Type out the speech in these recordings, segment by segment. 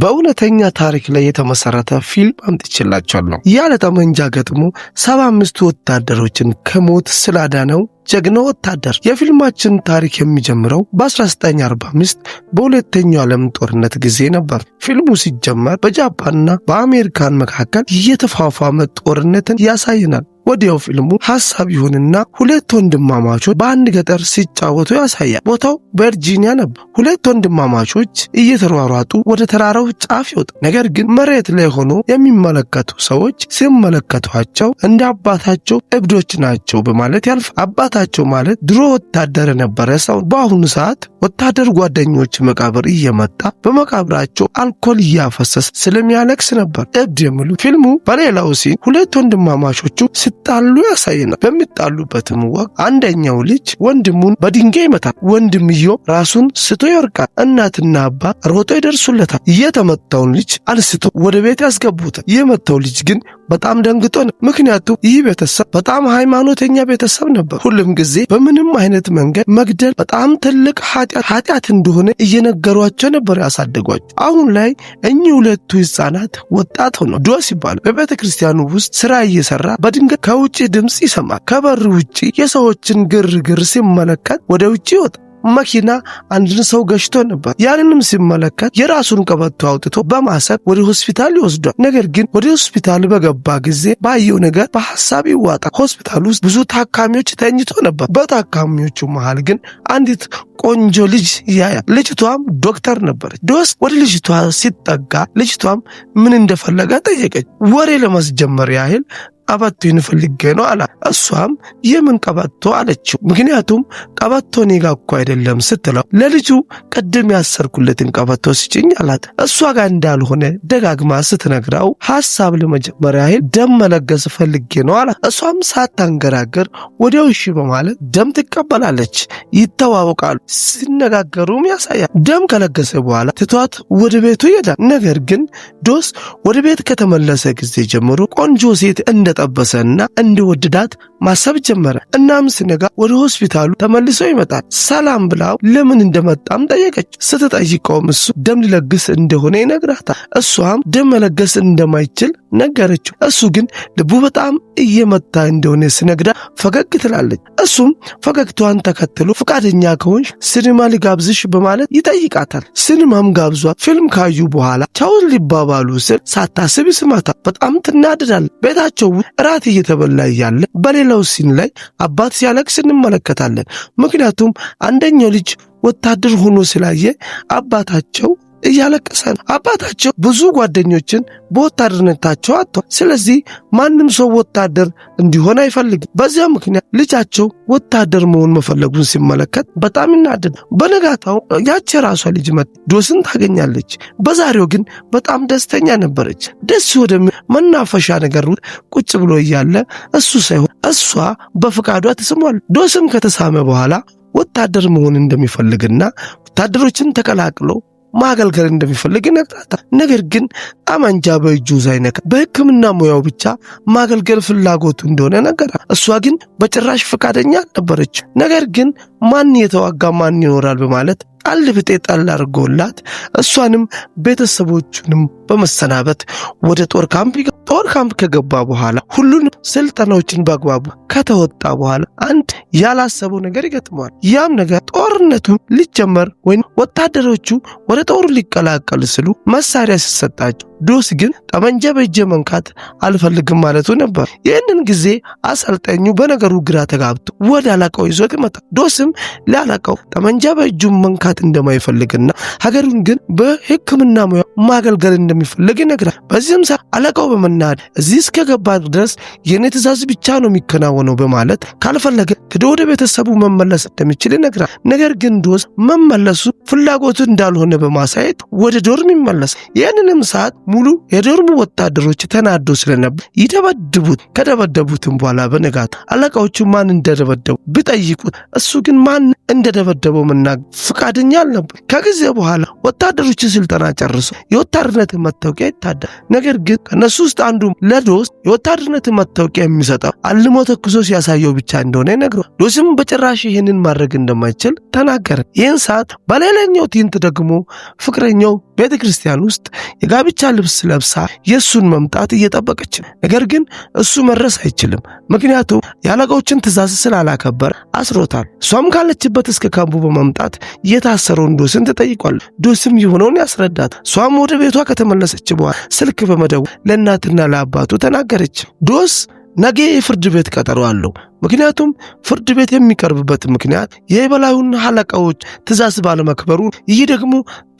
በእውነተኛ ታሪክ ላይ የተመሰረተ ፊልም አምጥቼላችኋለሁ። ያለ ጠመንጃ ገጥሞ ሰባ አምስቱ ወታደሮችን ከሞት ስላዳነው ጀግና ወታደር። የፊልማችን ታሪክ የሚጀምረው በ1945 በሁለተኛው ዓለም ጦርነት ጊዜ ነበር። ፊልሙ ሲጀመር በጃፓንና በአሜሪካን መካከል እየተፋፋመ ጦርነትን ያሳየናል። ወዲያው ፊልሙ ሀሳብ ይሁንና ሁለት ወንድማማቾች በአንድ ገጠር ሲጫወቱ ያሳያል። ቦታው ቨርጂኒያ ነበር። ሁለት ወንድማማቾች እየተሯሯጡ ወደ ተራራው ጫፍ ይወጣል። ነገር ግን መሬት ላይ ሆኖ የሚመለከቱ ሰዎች ሲመለከቷቸው እንደ አባታቸው እብዶች ናቸው በማለት ያልፍ። አባታቸው ማለት ድሮ ወታደር የነበረ ሰው በአሁኑ ሰዓት ወታደር ጓደኞች መቃብር እየመጣ በመቃብራቸው አልኮል እያፈሰሰ ስለሚያለቅስ ነበር እብድ የሚሉ ፊልሙ በሌላው ሲን ሁለት ወንድማማቾቹ ሲጣሉ ያሳየናል። በሚጣሉበትም ወቅት አንደኛው ልጅ ወንድሙን በድንጋይ ይመታል። ወንድምየው ራሱን ስቶ ይወርቃል። እናትና አባት ሮጦ ይደርሱለታል። የተመታውን ልጅ አንስቶ ወደ ቤት ያስገቡታል። የመታው ልጅ ግን በጣም ደንግጦ ነው። ምክንያቱም ይህ ቤተሰብ በጣም ሃይማኖተኛ ቤተሰብ ነበር። ሁሉም ጊዜ በምንም አይነት መንገድ መግደል በጣም ትልቅ ኃጢአት እንደሆነ እየነገሯቸው ነበር ያሳደጓቸው። አሁን ላይ እኚህ ሁለቱ ህጻናት ወጣት ሆኖ ዶስ ይባላል። በቤተ ክርስቲያኑ ውስጥ ስራ እየሰራ በድንገት ከውጭ ድምፅ ይሰማል። ከበር ውጭ የሰዎችን ግርግር ሲመለከት ወደ ውጭ ይወጣል። መኪና አንድን ሰው ገጭቶ ነበር። ያንንም ሲመለከት የራሱን ቀበቶ አውጥቶ በማሰር ወደ ሆስፒታል ይወስዷል። ነገር ግን ወደ ሆስፒታል በገባ ጊዜ ባየው ነገር በሀሳብ ይዋጣ። ሆስፒታል ውስጥ ብዙ ታካሚዎች ተኝቶ ነበር። በታካሚዎቹ መሃል ግን አንዲት ቆንጆ ልጅ ያያል። ልጅቷም ዶክተር ነበረች። ዶስ ወደ ልጅቷ ሲጠጋ ልጅቷም ምን እንደፈለገ ጠየቀች። ወሬ ለማስጀመር ያህል ቀበቶ ይንፈልጌ ነው አላት። እሷም የምን ቀበቶ አለችው። ምክንያቱም ቀበቶ እኔ ጋ እኮ አይደለም ስትለው ለልጁ ቅድም ያሰርኩለትን ቀበቶ ስጭኝ አላት። እሷ ጋር እንዳልሆነ ደጋግማ ስትነግራው ሀሳብ ለመጀመሪያ ያህል ደም መለገስ ፈልጌ ነው አላት። እሷም ሳታንገራገር ወዲያው እሺ በማለት ደም ትቀበላለች። ይተዋወቃሉ። ሲነጋገሩም ያሳያል። ደም ከለገሰ በኋላ ትቷት ወደ ቤቱ ይሄዳል። ነገር ግን ዶስ ወደ ቤት ከተመለሰ ጊዜ ጀምሮ ቆንጆ ሴት እንደ ተጠበሰና እንደወደዳት ማሰብ ጀመረ። እናም ስነጋ ወደ ሆስፒታሉ ተመልሶ ይመጣል። ሰላም ብላው ለምን እንደመጣም ጠየቀች። ስትጠይቀውም እሱ ደም ሊለግስ እንደሆነ ይነግራታል። እሷም ደም መለገስ እንደማይችል ነገረችው። እሱ ግን ልቡ በጣም እየመታ እንደሆነ ስነግዳ ፈገግ ትላለች። እሱም ፈገግቷን ተከትሎ ፈቃደኛ ከሆንሽ ሲኒማ ሊጋብዝሽ በማለት ይጠይቃታል። ሲኒማም ጋብዟት ፊልም ካዩ በኋላ ቻውን ሊባባሉ ስል ሳታስብ ይስማታል። በጣም ትናድዳለች። ቤታቸው እራት እየተበላ እያለ በሌላው ሲን ላይ አባት ሲያለቅስ እንመለከታለን። ምክንያቱም አንደኛው ልጅ ወታደር ሆኖ ስላየ አባታቸው እያለቀሰ ነው። አባታቸው ብዙ ጓደኞችን በወታደርነታቸው አጥተዋል። ስለዚህ ማንም ሰው ወታደር እንዲሆን አይፈልግም። በዚያ ምክንያት ልጃቸው ወታደር መሆን መፈለጉን ሲመለከት በጣም ይናደድ። በነጋታው ያች የራሷ ልጅ መት ዶስን ታገኛለች። በዛሬው ግን በጣም ደስተኛ ነበረች። ደስ ወደ መናፈሻ ነገር ቁጭ ብሎ እያለ እሱ ሳይሆን እሷ በፈቃዷ ተስሟል። ዶስም ከተሳመ በኋላ ወታደር መሆን እንደሚፈልግና ወታደሮችን ተቀላቅሎ ማገልገል እንደሚፈልግ ይነግራታል። ነገር ግን አማንጃ በእጁ ሳይነካ በሕክምና ሙያው ብቻ ማገልገል ፍላጎቱ እንደሆነ ነገራል። እሷ ግን በጭራሽ ፈቃደኛ አልነበረች። ነገር ግን ማን የተዋጋ ማን ይኖራል በማለት ጣል ብጤ ጣል አድርጎላት እሷንም ቤተሰቦቹንም በመሰናበት ወደ ጦር ካምፕ ጦር ካምፕ ከገባ በኋላ ሁሉንም ስልጠናዎችን በአግባቡ ከተወጣ በኋላ አንድ ያላሰበው ነገር ይገጥመዋል። ያም ነገር ጦርነቱ ሊጀመር ወይም ወታደሮቹ ወደ ጦሩ ሊቀላቀል ስሉ መሳሪያ ሲሰጣቸው ዶስ ግን ጠመንጃ በእጄ መንካት አልፈልግም ማለቱ ነበር። ይህንን ጊዜ አሰልጣኙ በነገሩ ግራ ተጋብቶ ወደ አለቃው ይዞት መጣ። ዶስም ለአለቃው ጠመንጃ በእጁ መንካት እንደማይፈልግና ሀገሩን ግን በሕክምና ሙያ ማገልገል እንደሚፈልግ ይነግራል። በዚህም ሰዓት አለቃው በመናድ እዚህ እስከገባ ድረስ የእኔ ትእዛዝ ብቻ ነው የሚከናወ የሚሆነው በማለት ካልፈለገ ሄዶ ወደ ቤተሰቡ መመለስ እንደሚችል ይነግራል። ነገር ግን ዶስ መመለሱ ፍላጎቱ እንዳልሆነ በማሳየት ወደ ዶርም ይመለስ። ይህንንም ሰዓት ሙሉ የዶርሙ ወታደሮች ተናዶ ስለነበር ይደበድቡት። ከደበደቡትም በኋላ በንጋት አለቃዎቹ ማን እንደደበደቡ ቢጠይቁት እሱ ግን ማን እንደደበደበው መናገር ፈቃደኛ አልነበር። ከጊዜ በኋላ ወታደሮች ስልጠና ጨርሶ የወታደርነት መታወቂያ ይታዳል። ነገር ግን ከእነሱ ውስጥ አንዱ ለዶስ የወታደርነት መታወቂያ የሚሰጠው አልሞተኩ ተኩሶ ሲያሳየው ብቻ እንደሆነ ነግሮ ሉሲም በጭራሽ ይህንን ማድረግ እንደማይችል ተናገረ። ይህን ሰዓት በሌላኛው ትዕይንት ደግሞ ፍቅረኛው ቤተ ክርስቲያን ውስጥ የጋብቻ ልብስ ለብሳ የእሱን መምጣት እየጠበቀች ነገር ግን እሱ መድረስ አይችልም፣ ምክንያቱም የአለቃዎችን ትእዛዝ ስላላከበር አስሮታል። እሷም ካለችበት እስከ ካምቡ በመምጣት የታሰረውን ዶስን ትጠይቋል። ዶስም የሆነውን ያስረዳት። እሷም ወደ ቤቷ ከተመለሰች በኋላ ስልክ በመደወል ለእናትና ለአባቱ ተናገረች። ዶስ ነገ የፍርድ ቤት ቀጠሮ አለው። ምክንያቱም ፍርድ ቤት የሚቀርብበት ምክንያት የበላዩን አለቃዎች ትእዛዝ ባለመክበሩ፣ ይህ ደግሞ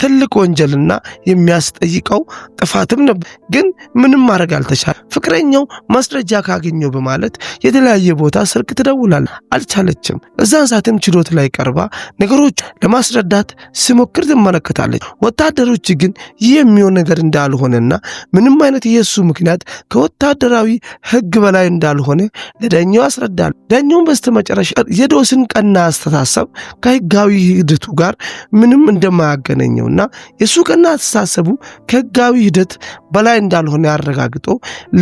ትልቅ ወንጀልና የሚያስጠይቀው ጥፋትም ነበር። ግን ምንም ማድረግ አልተቻለ። ፍቅረኛው ማስረጃ ካገኘው በማለት የተለያየ ቦታ ስልክ ትደውላል፣ አልቻለችም። እዛን ሰዓትም ችሎት ላይ ቀርባ ነገሮች ለማስረዳት ሲሞክር ትመለከታለች። ወታደሮች ግን ይህ የሚሆን ነገር እንዳልሆነና ምንም አይነት የእሱ ምክንያት ከወታደራዊ ህግ በላይ እንዳልሆነ ለዳኛው አስረዳል። ይላሉ። ዳኛውም በስተመጨረሻ የዶስን ቀና አስተሳሰብ ከህጋዊ ሂደቱ ጋር ምንም እንደማያገናኘውና የእሱ ቀና አስተሳሰቡ ከህጋዊ ሂደት በላይ እንዳልሆነ ያረጋግጦ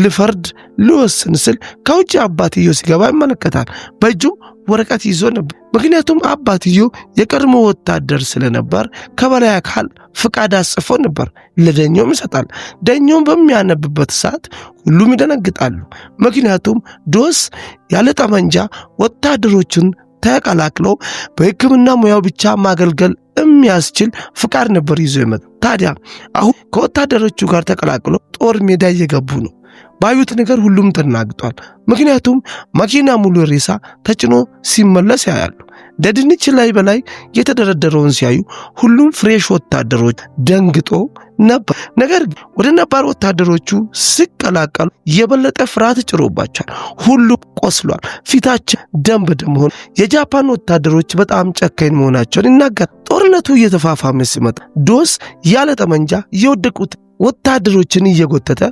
ልፈርድ ልወስን ስል ከውጭ አባትየው ሲገባ ይመለከታል። በእጁም ወረቀት ይዞ ነበር። ምክንያቱም አባትዮ የቀድሞ ወታደር ስለነበር ከበላይ አካል ፍቃድ አጽፎ ነበር። ለደኞም ይሰጣል። ደኞም በሚያነብበት ሰዓት ሁሉም ይደነግጣሉ። ምክንያቱም ዶስ ያለ ጠመንጃ ወታደሮችን ተቀላቅለው በሕክምና ሙያው ብቻ ማገልገል የሚያስችል ፍቃድ ነበር ይዞ ይመጣ። ታዲያ አሁን ከወታደሮቹ ጋር ተቀላቅሎ ጦር ሜዳ እየገቡ ነው። ባዩት ነገር ሁሉም ተናግጧል። ምክንያቱም መኪና ሙሉ ሬሳ ተጭኖ ሲመለስ ያያሉ። ደድንች ላይ በላይ የተደረደረውን ሲያዩ ሁሉም ፍሬሽ ወታደሮች ደንግጦ ነበር። ነገር ግን ወደ ነባር ወታደሮቹ ሲቀላቀሉ የበለጠ ፍርሃት ጭሮባቸዋል። ሁሉም ቆስሏል። ፊታችን ደም በደም ሆነ። የጃፓን ወታደሮች በጣም ጨካኝ መሆናቸውን ይናገራል። ጦርነቱ እየተፋፋመ ሲመጣ ዶስ ያለ ጠመንጃ የወደቁት ወታደሮችን እየጎተተ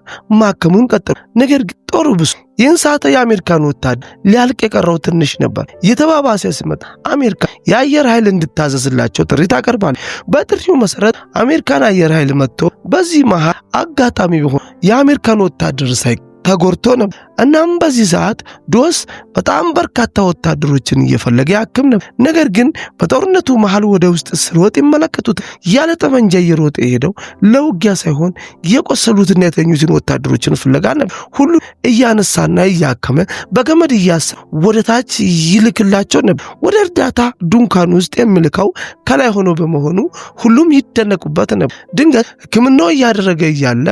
ማከሙን ቀጠሉ። ነገር ግን ጦሩ ብሱ ይህን ሰዓት የአሜሪካን ወታደር ሊያልቅ የቀረው ትንሽ ነበር። የተባባሰ ሲመጣ አሜሪካ የአየር ኃይል እንድታዘዝላቸው ጥሪ ታቀርባለች። በጥሪው መሰረት አሜሪካን አየር ኃይል መጥቶ በዚህ መሃል አጋጣሚ ቢሆን የአሜሪካን ወታደር ሳይ ተጎድቶ ነበር። እናም በዚህ ሰዓት ዶስ በጣም በርካታ ወታደሮችን እየፈለገ ያክም ነበር። ነገር ግን በጦርነቱ መሀል ወደ ውስጥ ስሮጥ ይመለከቱት ያለ ጠመንጃ እየሮጠ የሄደው ለውጊያ ሳይሆን የቆሰሉትና የተኙትን ወታደሮችን ፍለጋ ነበር። ሁሉ እያነሳና እያከመ በገመድ እያሳ ወደ ታች ይልክላቸው ነበር። ወደ እርዳታ ድንኳን ውስጥ የሚልካው ከላይ ሆኖ በመሆኑ ሁሉም ይደነቁበት ነበር። ድንገት ሕክምናው እያደረገ እያለ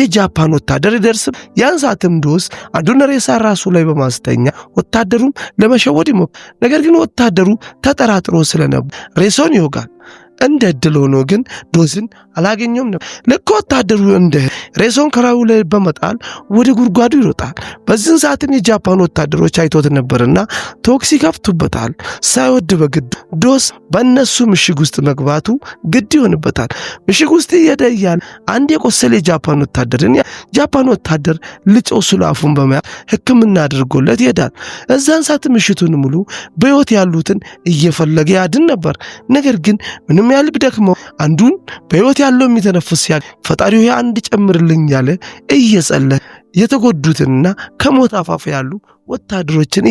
የጃፓን ወታደር ይደርስ ያን ቴዎድሮስ አንዱን ሬሳ ራሱ ላይ በማስተኛ ወታደሩም ለመሸወድ ይሞክ ነገር ግን ወታደሩ ተጠራጥሮ ስለነበር ሬሳውን ይወጋል። እንደ እድል ሆኖ ግን ዶዝን አላገኘም ነበር። ልክ ወታደሩ እንደ ሬሶን ከራዩ ላይ በመጣል ወደ ጉድጓዱ ይሮጣል። በዚህን ሰዓትም የጃፓን ወታደሮች አይቶት ነበርና ቶክሲ ከፍቱበታል። ሳይወድ በግድ ዶስ በእነሱ ምሽግ ውስጥ መግባቱ ግድ ይሆንበታል። ምሽግ ውስጥ እየደያል አንድ የቆሰለ የጃፓን ወታደርን ጃፓን ወታደር ልጨው ስላፉን በመያዝ ሕክምና አድርጎለት ይሄዳል። እዛን ሰዓት ምሽቱን ሙሉ በሕይወት ያሉትን እየፈለገ ያድን ነበር። ነገር ግን ምንም የሚያልብ ደክሞ አንዱን በሕይወት ያለው የሚተነፍስ ያ ፈጣሪ ሆይ አንድ ጨምርልኝ ያለ እየጸለ የተጎዱትንና ከሞት አፋፍ ያሉ ወታደሮችን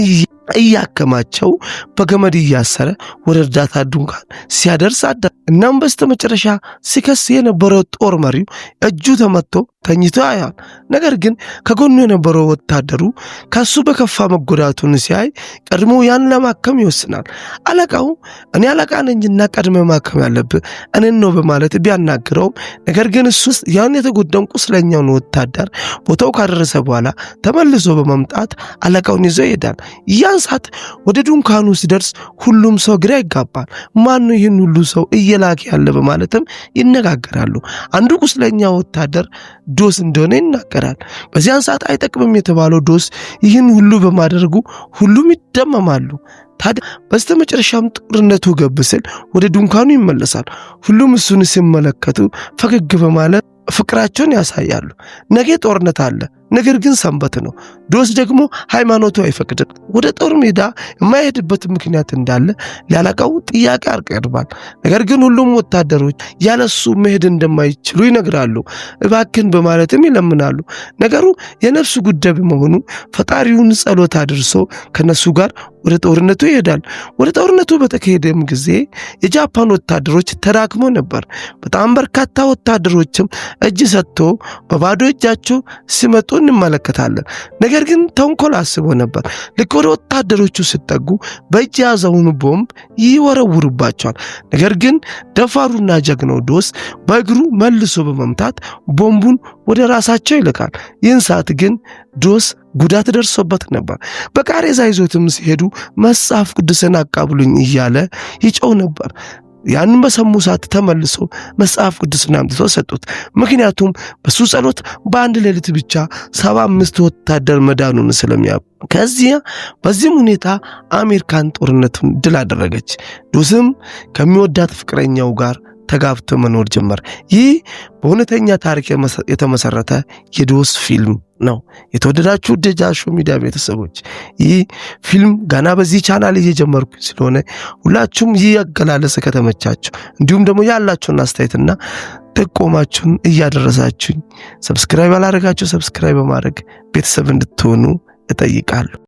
እያከማቸው በገመድ እያሰረ ወደ እርዳታ ድንኳን ሲያደርስ አዳ እናም በስተ መጨረሻ ሲከስ የነበረው ጦር መሪው እጁ ተመትቶ ተኝቶ ያያል። ነገር ግን ከጎኑ የነበረው ወታደሩ ከሱ በከፋ መጎዳቱን ሲያይ ቀድሞ ያን ለማከም ይወስናል። አለቃው እኔ አለቃ ነኝና ቀድመ ማከም ያለብህ እኔን ነው በማለት ቢያናግረውም ነገር ግን እሱ ያን የተጎዳውን ቁስለኛውን ወታደር ቦታው ካደረሰ በኋላ ተመልሶ በመምጣት አለቃውን ይዞ ይሄዳል። ያን ሰዓት ወደ ድንኳኑ ሲደርስ ሁሉም ሰው ግራ ይጋባል። ማኑ ይህን ሁሉ ሰው እየላከ ያለ በማለትም ይነጋገራሉ። አንዱ ቁስለኛ ወታደር ዶስ እንደሆነ ይናገራል። በዚያን ሰዓት አይጠቅምም የተባለው ዶስ ይህን ሁሉ በማድረጉ ሁሉም ይደመማሉ። ታዲያ በስተ መጨረሻም ጦርነቱ ገብ ሲል ወደ ድንኳኑ ይመለሳል። ሁሉም እሱን ሲመለከቱ ፈገግ በማለት ፍቅራቸውን ያሳያሉ። ነገ ጦርነት አለ። ነገር ግን ሰንበት ነው። ዶስ ደግሞ ሃይማኖቱ አይፈቅድም። ወደ ጦር ሜዳ የማይሄድበት ምክንያት እንዳለ ሊያለቃው ጥያቄ ያቀርባል። ነገር ግን ሁሉም ወታደሮች ያለሱ መሄድ እንደማይችሉ ይነግራሉ፣ እባክን በማለትም ይለምናሉ። ነገሩ የነፍሱ ጉዳይ በመሆኑ ፈጣሪውን ጸሎት አድርሶ ከነሱ ጋር ወደ ጦርነቱ ይሄዳል። ወደ ጦርነቱ በተካሄደም ጊዜ የጃፓን ወታደሮች ተዳክሞ ነበር። በጣም በርካታ ወታደሮችም እጅ ሰጥቶ በባዶ እጃቸው ሲመጡ እንመለከታለን። ነገር ግን ተንኮል አስቦ ነበር። ልክ ወደ ወታደሮቹ ሲጠጉ በእጅ የያዘውን ቦምብ ይወረውሩባቸዋል። ነገር ግን ደፋሩና ጀግናው ዶስ በእግሩ መልሶ በመምታት ቦምቡን ወደ ራሳቸው ይልካል። ይህን ሰዓት ግን ዶስ ጉዳት ደርሶበት ነበር። በቃሬዛ ይዞትም ሲሄዱ መጽሐፍ ቅዱስን አቃብሉኝ እያለ ይጮው ነበር። ያንን በሰሙ ሰዓት ተመልሶ መጽሐፍ ቅዱስን አምጥቶ ሰጡት። ምክንያቱም በሱ ጸሎት በአንድ ሌሊት ብቻ ሰባ አምስት ወታደር መዳኑን ስለሚያውቁ ከዚያ በዚህም ሁኔታ አሜሪካን ጦርነቱን ድል አደረገች። ዱስም ከሚወዳት ፍቅረኛው ጋር ተጋብቶ መኖር ጀመር። ይህ በእውነተኛ ታሪክ የተመሰረተ የዶስ ፊልም ነው። የተወደዳችሁ ደጃሾ ሚዲያ ቤተሰቦች ይህ ፊልም ገና በዚህ ቻናል እየጀመርኩ ስለሆነ ሁላችሁም ይህ አገላለጽ ከተመቻችሁ፣ እንዲሁም ደግሞ ያላችሁን አስተያየትና ጥቆማችሁን እያደረሳችሁኝ ሰብስክራይብ ያላደረጋችሁ ሰብስክራይብ በማድረግ ቤተሰብ እንድትሆኑ እጠይቃለሁ።